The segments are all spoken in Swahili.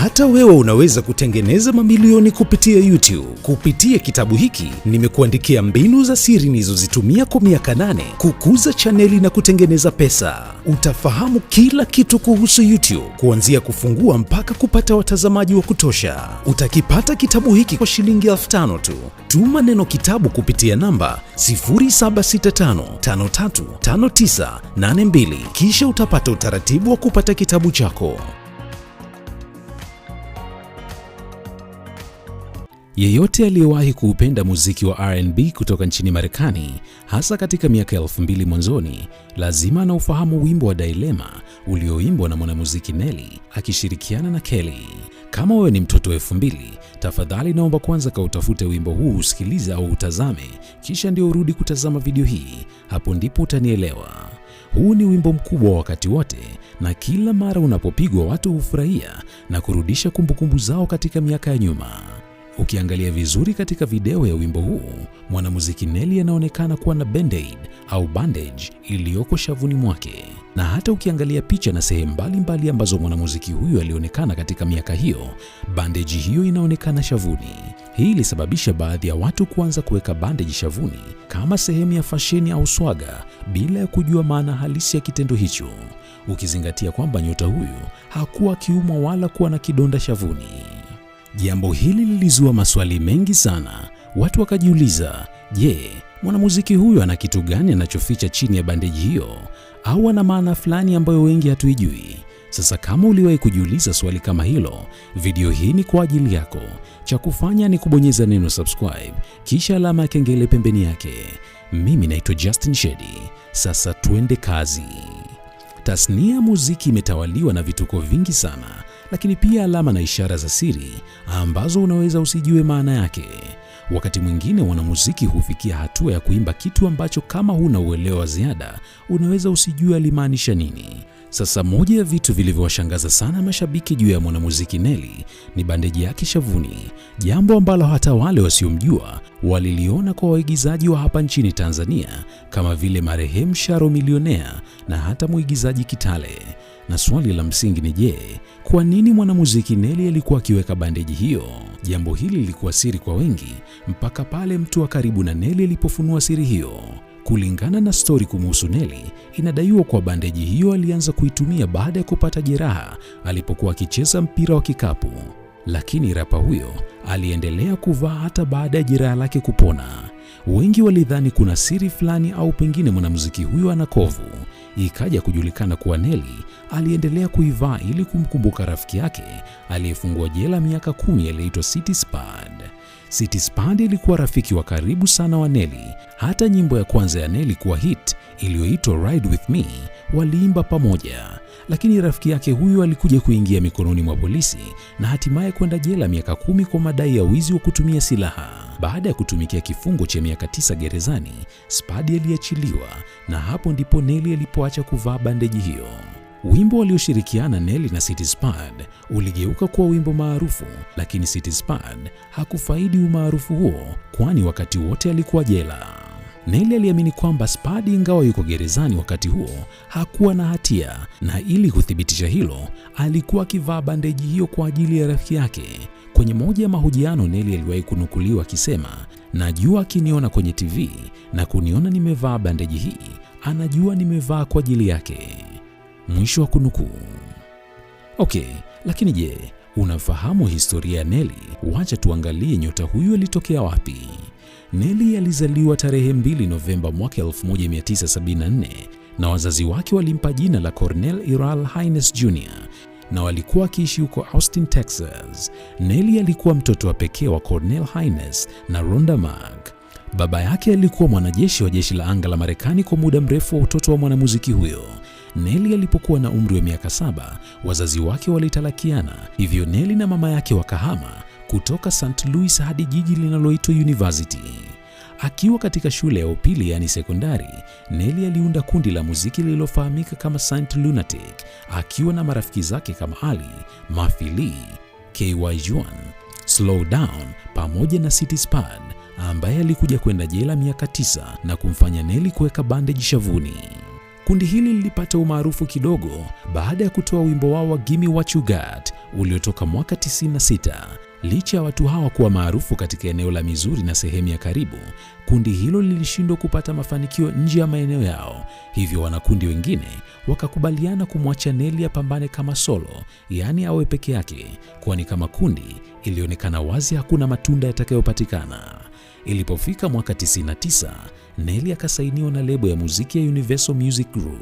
Hata wewe unaweza kutengeneza mamilioni kupitia YouTube. Kupitia kitabu hiki nimekuandikia mbinu za siri nilizozitumia kwa miaka nane kukuza chaneli na kutengeneza pesa. Utafahamu kila kitu kuhusu YouTube, kuanzia kufungua mpaka kupata watazamaji wa kutosha. Utakipata kitabu hiki kwa shilingi elfu tano tu. Tuma neno kitabu kupitia namba 0765535982 kisha utapata utaratibu wa kupata kitabu chako. Yeyote aliyewahi kuupenda muziki wa R&B kutoka nchini Marekani, hasa katika miaka ya mbili mwanzoni, lazima anaufahamu wimbo wa Dilemma ulioimbwa na mwanamuziki Nelly akishirikiana na Kelly. Kama wewe ni mtoto wa 2000, tafadhali naomba kwanza kautafute wimbo huu, usikilize au utazame, kisha ndio urudi kutazama video hii. Hapo ndipo utanielewa. Huu ni wimbo mkubwa wa wakati wote na kila mara unapopigwa watu hufurahia na kurudisha kumbukumbu zao katika miaka ya nyuma. Ukiangalia vizuri katika video ya wimbo huu, mwanamuziki Nelly anaonekana kuwa na bandaid au bandage iliyoko shavuni mwake, na hata ukiangalia picha na sehemu mbalimbali ambazo mwanamuziki huyu alionekana katika miaka hiyo, bandeji hiyo inaonekana shavuni. Hii ilisababisha baadhi ya watu kuanza kuweka bandage shavuni kama sehemu ya fasheni au swaga bila ya kujua maana halisi ya kitendo hicho, ukizingatia kwamba nyota huyu hakuwa akiumwa wala kuwa na kidonda shavuni. Jambo hili lilizua maswali mengi sana. Watu wakajiuliza, je, mwanamuziki huyo ana kitu gani anachoficha chini ya bandeji hiyo, au ana maana fulani ambayo wengi hatuijui? Sasa kama uliwahi kujiuliza swali kama hilo, video hii ni kwa ajili yako. Cha kufanya ni kubonyeza neno subscribe, kisha alama ya kengele pembeni yake. Mimi naitwa Justin Shedi. Sasa twende kazi. Tasnia ya muziki imetawaliwa na vituko vingi sana lakini pia alama na ishara za siri ambazo unaweza usijue maana yake. Wakati mwingine wanamuziki hufikia hatua ya kuimba kitu ambacho kama huna uelewa wa ziada unaweza usijue alimaanisha nini. Sasa moja ya vitu vilivyowashangaza sana mashabiki juu ya mwanamuziki Nelly ni bandeji yake shavuni, jambo ambalo hata wale wasiomjua waliliona kwa waigizaji wa hapa nchini Tanzania kama vile marehemu Sharo Milionea na hata mwigizaji Kitale na swali la msingi ni je, kwa nini mwanamuziki Nelly alikuwa akiweka bandeji hiyo? Jambo hili lilikuwa siri kwa wengi mpaka pale mtu wa karibu na Nelly alipofunua siri hiyo. Kulingana na stori kumuhusu Nelly, inadaiwa kuwa bandeji hiyo alianza kuitumia baada ya kupata jeraha alipokuwa akicheza mpira wa kikapu, lakini rapa huyo aliendelea kuvaa hata baada ya jeraha lake kupona. Wengi walidhani kuna siri fulani au pengine mwanamuziki huyo ana kovu, ikaja kujulikana kuwa Neli aliendelea kuivaa ili kumkumbuka rafiki yake aliyefungwa jela miaka kumi aliyeitwa city Spad. City Spade ilikuwa rafiki wa karibu sana wa Nelly. Hata nyimbo ya kwanza ya Nelly kuwa hit iliyoitwa Ride With Me waliimba pamoja, lakini rafiki yake huyo alikuja kuingia mikononi mwa polisi na hatimaye kwenda jela miaka kumi kwa madai ya wizi wa kutumia silaha. Baada ya kutumikia kifungo cha miaka tisa gerezani, spadi aliachiliwa na hapo ndipo Nelly alipoacha kuvaa bandeji hiyo. Wimbo walioshirikiana Nelly na Cityspad uligeuka kuwa wimbo maarufu, lakini Cityspad hakufaidi umaarufu huo, kwani wakati wote alikuwa jela. Nelly aliamini kwamba Spad ingawa yuko gerezani wakati huo hakuwa na hatia, na ili kuthibitisha hilo alikuwa akivaa bandeji hiyo kwa ajili ya rafiki yake. Kwenye moja ya mahojiano Nelly aliwahi kunukuliwa akisema, najua akiniona kwenye TV na kuniona nimevaa bandeji hii anajua nimevaa kwa ajili yake. Mwisho wa kunukuu. Okay, lakini je, unafahamu historia ya Nelly? Wacha tuangalie nyota huyu alitokea wapi. Nelly alizaliwa tarehe 2 Novemba mwaka 1974 na wazazi wake walimpa jina la Cornel Iral Hines Jr na walikuwa wakiishi huko Austin, Texas. Nelly alikuwa mtoto wa pekee wa Cornel Hines na Rhonda Mark. Baba yake alikuwa mwanajeshi wa jeshi la anga la Marekani kwa muda mrefu wa utoto wa mwanamuziki huyo Neli alipokuwa na umri wa miaka saba, wazazi wake walitalakiana, hivyo Neli na mama yake wakahama kutoka St. Louis hadi jiji linaloitwa University. Akiwa katika shule ya upili yaani sekondari, Neli aliunda kundi la muziki lililofahamika kama Saint Lunatic akiwa na marafiki zake kama Ali, Murphy Lee, KY Juan, Slow Down pamoja na City Span ambaye alikuja kwenda jela miaka tisa na kumfanya Neli kuweka bandage shavuni. Kundi hili lilipata umaarufu kidogo baada ya kutoa wimbo wao wa Gimme What You Got uliotoka mwaka 96. Licha ya watu hawa kuwa maarufu katika eneo la Missouri na sehemu ya karibu, kundi hilo lilishindwa kupata mafanikio nje ya maeneo yao, hivyo wanakundi wengine wakakubaliana kumwacha Nelly apambane kama solo, yaani awe peke yake, kwani kama kundi ilionekana wazi hakuna matunda yatakayopatikana. Ilipofika mwaka 99 Nelly akasainiwa na lebo ya muziki ya Universal Music Group.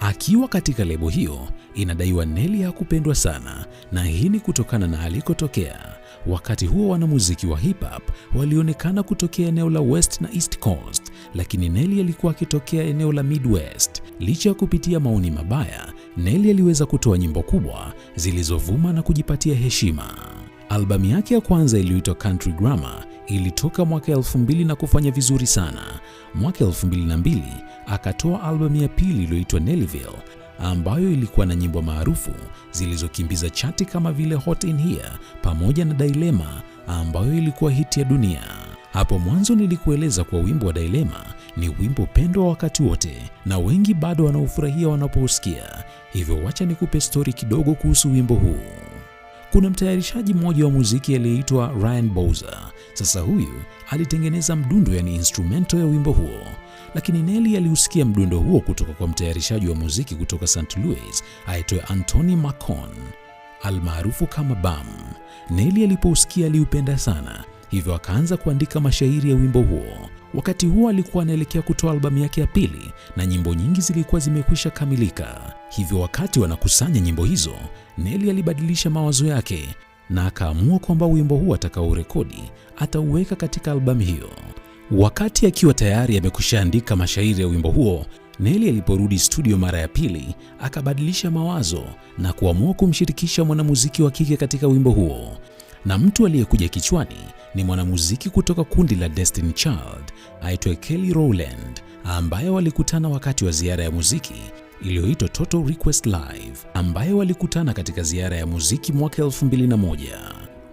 Akiwa katika lebo hiyo, inadaiwa Nelly hakupendwa sana, na hii ni kutokana na alikotokea. Wakati huo wanamuziki wa hip hop walionekana kutokea eneo la West na East Coast, lakini Nelly alikuwa akitokea eneo la Midwest. Licha ya kupitia maoni mabaya, Nelly aliweza kutoa nyimbo kubwa zilizovuma na kujipatia heshima. Albamu yake ya kwanza iliyoitwa Country Grammar ilitoka mwaka 2000 na kufanya vizuri sana. Mwaka 2002 akatoa albamu ya pili iliyoitwa Nellyville ambayo ilikuwa na nyimbo maarufu zilizokimbiza chati kama vile Hot in Here pamoja na Dilemma ambayo ilikuwa hiti ya dunia. Hapo mwanzo nilikueleza kuwa wimbo wa Dilemma ni wimbo pendwa wakati wote na wengi bado wanaofurahia wanapousikia. Hivyo wacha nikupe stori kidogo kuhusu wimbo huu. Kuna mtayarishaji mmoja wa muziki aliyeitwa Ryan Bowser. Sasa huyu alitengeneza mdundo, yani instrumento ya wimbo huo, lakini Nelly aliusikia mdundo huo kutoka kwa mtayarishaji wa muziki kutoka St. Louis aitwaye Anthony Macon almaarufu kama Bam. Nelly alipousikia aliupenda sana hivyo akaanza kuandika mashairi ya wimbo huo. Wakati huo alikuwa anaelekea kutoa albamu yake ya pili na nyimbo nyingi zilikuwa zimekwisha kamilika. Hivyo wakati wanakusanya nyimbo hizo, Nelly alibadilisha mawazo yake na akaamua kwamba wimbo huo atakaorekodi atauweka katika albamu hiyo. Wakati akiwa tayari amekushaandika mashairi ya wimbo huo, Nelly aliporudi studio mara ya pili akabadilisha mawazo na kuamua kumshirikisha mwanamuziki wa kike katika wimbo huo, na mtu aliyekuja kichwani ni mwanamuziki kutoka kundi la Destiny Child aitwa Kelly Rowland ambaye walikutana wakati wa ziara ya muziki iliyoitwa Total Request Live ambaye walikutana katika ziara ya muziki mwaka 2001.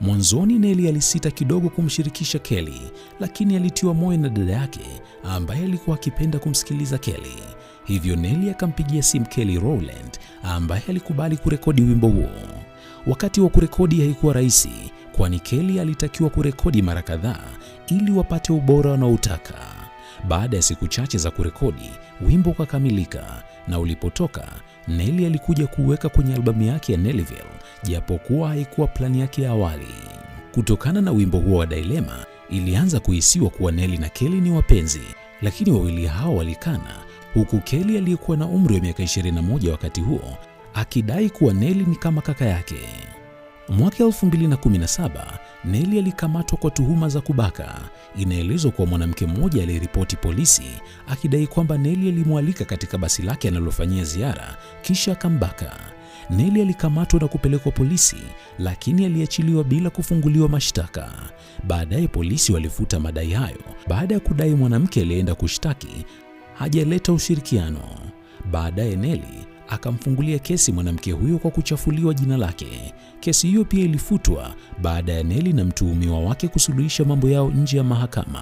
Mwanzoni Nelly alisita kidogo kumshirikisha Kelly, lakini alitiwa moyo na dada yake ambaye alikuwa akipenda kumsikiliza Kelly. Hivyo Nelly akampigia simu Kelly Rowland ambaye alikubali kurekodi wimbo huo. Wakati wa kurekodi haikuwa rahisi, kwani Kelly alitakiwa kurekodi mara kadhaa ili wapate ubora wanaoutaka. Baada ya siku chache za kurekodi, wimbo ukakamilika na ulipotoka, Nelly alikuja kuweka kwenye albamu yake ya Nellyville, japokuwa haikuwa plani yake ya awali. Kutokana na wimbo huo wa Dilema, ilianza kuhisiwa kuwa Nelly na Kelly ni wapenzi, lakini wawili hao walikana, huku Kelly aliyekuwa na umri wa miaka 21 wakati huo akidai kuwa Nelly ni kama kaka yake. Mwaka 2017 Neli alikamatwa kwa tuhuma za kubaka. Inaelezwa kuwa mwanamke mmoja aliyeripoti polisi akidai kwamba Neli alimwalika katika basi lake analofanyia ziara kisha akambaka. Neli alikamatwa na kupelekwa polisi, lakini aliachiliwa bila kufunguliwa mashtaka. Baadaye polisi walifuta madai hayo baada ya kudai mwanamke aliyeenda kushtaki hajaleta ushirikiano. Baadaye Neli akamfungulia kesi mwanamke huyo kwa kuchafuliwa jina lake. Kesi hiyo pia ilifutwa baada ya Neli na mtuhumiwa wake kusuluhisha mambo yao nje ya mahakama.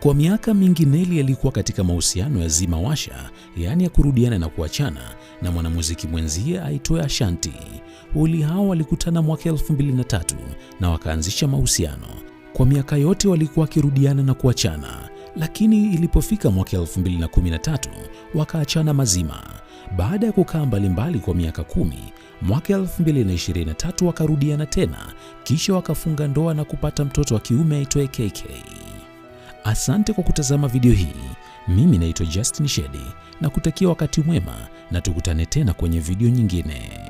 Kwa miaka mingi Neli alikuwa katika mahusiano ya zima washa, yaani ya kurudiana na kuachana na mwanamuziki mwenzie aitwaye Ashanti. Wawili hao walikutana mwaka 2003 na wakaanzisha mahusiano. Kwa miaka yote walikuwa wakirudiana na kuachana, lakini ilipofika mwaka 2013 wakaachana mazima. Baada ya kukaa mbalimbali kwa miaka kumi, mwaka 2023 wakarudiana tena, kisha wakafunga ndoa na kupata mtoto wa kiume aitwaye KK. Asante kwa kutazama video hii. Mimi naitwa Justin Shedi na kutakia wakati mwema na tukutane tena kwenye video nyingine.